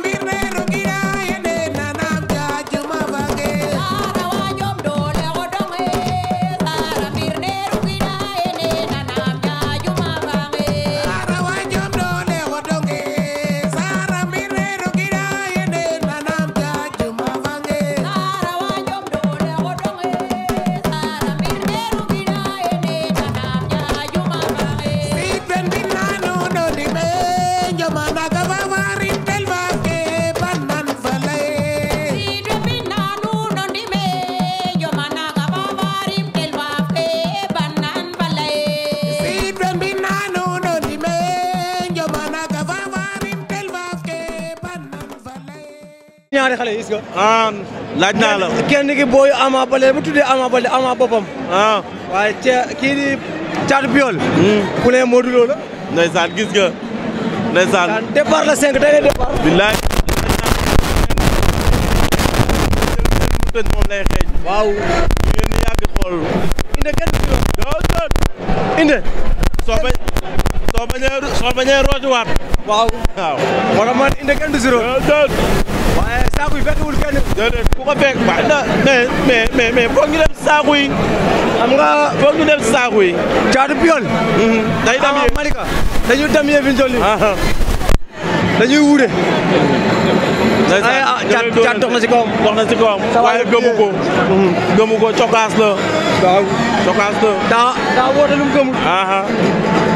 Mirne Roquina. ñaari xale gis nga. ah laaj naa la kenn ki booyu Ama Baldé bu tuddee Ama Baldé ah. kii di caatu Piol. Hmm. ku ne Modou Lo la. moom lay xeeñ. waaw. inde kenn du inde. waaw. waaw. war inde kenn du si waaye saako yi fekkiwul kenn. déedéet ko fekk waaye na mais mais mais foog ñu dem si saako yi xam nga foog ñu dem si saako yi. caatu piol. Mhm. day dem ah, dañuy dem yéen fi ñu toll ah, ah. dañuy wuute. ah caat dox na si kawam. dox na ko. Mhm. gëmu ko cokaas la. waaw cokaas la. daa woote lu mu gëmul.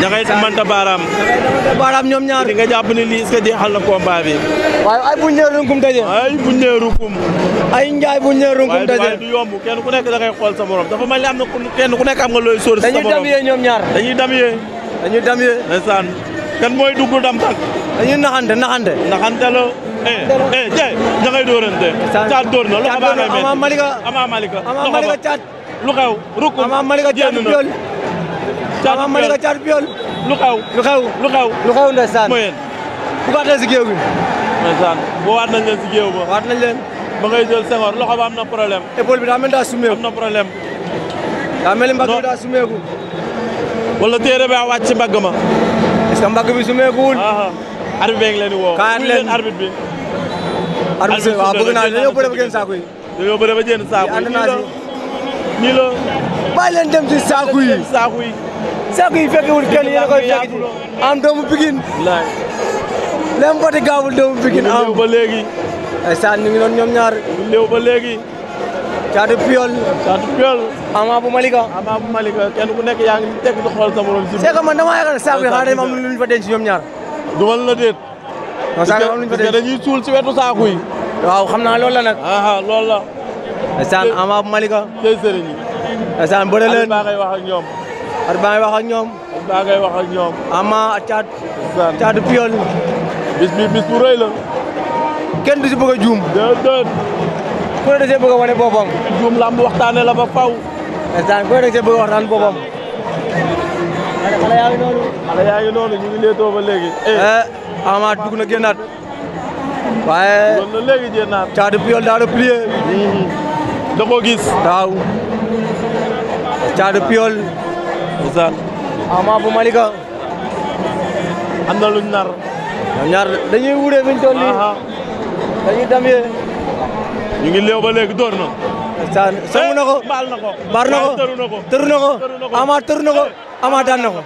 ñaxay manta baaraam. baaraam ñoom ñaar di nga jàpp ni lii est jeexal na combat bi. waaye ay buñ nee runkum daje. ay buñ nee runkum. ay njaay buñ nee runkum daje. waaye du yomb kenn ku nekk da xool sa morom dafa mel ni am na kenn ku nekk am nga looy sóor sa morom dañuy damyee ñoom ñaar. dañuy damyee. dañuy damyee. ndeysaan kan naxante naxante. naxante la. eh eh tey ña ngay dóorante. caat dóor na loxo baa ngay métti. Ama Malika Ama Malika. Ama Malika lu xew rukkum. Ama Malika caat caatu piol waaw caatu piol. lu xew lu xew lu xew. lu xew ndeysaan mooy yéen. bu ko atee si géew bi. ndeysaan boo waat nañ leen si géew ba. waat nañ leen. ba ngay jël Senghor loxo ba am na problème. épaule bi daa mel ni daa sumeeku am na problème. daa mel ni mbagg bi daa sumeeku. wala téere ba wàcc ci mbagg ma. est-ce que mbagg bi sumeekuwul. Ah, ah. arbitre bi ngi leen di woo. kaan leen arbitre bi. arbitre bi waaw bëgg naa dañoo bëre ba génn saako yi. dañoo bëre ba génn saako yi. ñii la bàyyi leen dem ci saaku yi saaku yi saaku yi fekkewul kenn a koy fekk am doomu Pikine lem boti gaawul doomu Pikine am ba léegi ay saan ñu ngi noonu ñoom ñaar léew ba léegi caatu piol caatu piol ama bu malika ama bu malika kenn ku nekk yaa ngi teg di xool sa morom si c'est que man damaa yaakaar ne saaku yi xanaa dañu am lu ñu fa denc ñoom dumal la déet non saaku am lu ñu fa denc dañuy suul si wetu saaku yi waaw xam naa loolu la nag ah, ah, loolu la saan ama bu malika sëy sëriñ ndeysaan bëre leen baa wax ak ñoom at baa ngay wax ak ñoom at baa ngay wax ak ñoom ama caat caatu piol bis bi bis bu rëy kenn du si bëgg a juum déedéet ku ne da see bëgg a juum lamb waxtaane la ba faw ndeysaan ku ne da see bëgg a waxtaan boppam xale yaa ngi noonu ñu ngi leetoo ba léegi eh. Eh, ama dugg waaye caatu piol daa hmm. da plié gis waaw Caadu Piol. Ousseyn. Ama bu Malika. am na lu nar. ñaar dañuy wuree fi ñu toll nii. dañuy damyee. ñu ngi léew ba léegi door na. na ko. baal na ko baal na ko tëru na ko. Ama tëru na ko Ama daan na ko.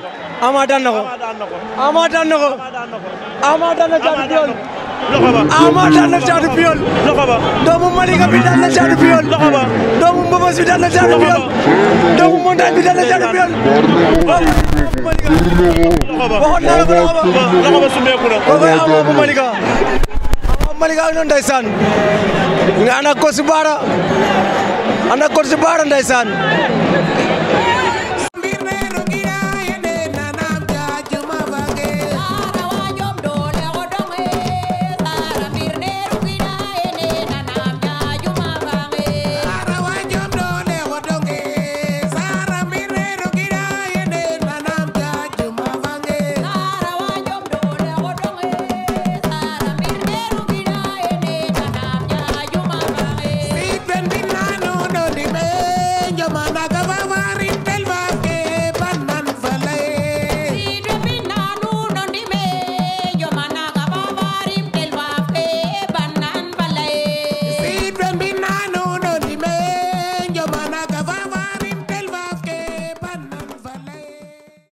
Ama daan na ko Ama daan na ko Ama daan na bi daan na caatu bi yoon doomu mbëbës bi daan na caatu bi yoon doomu montagne bi daan na caatu bi yoon waxoon naa la ko loxo ba sumbeeku na ko koy amoo bu Malika amoo Malika ak noonu ndeysaan nga ànd ak ko si baara ànd ak ko si baara ndeysaan jamana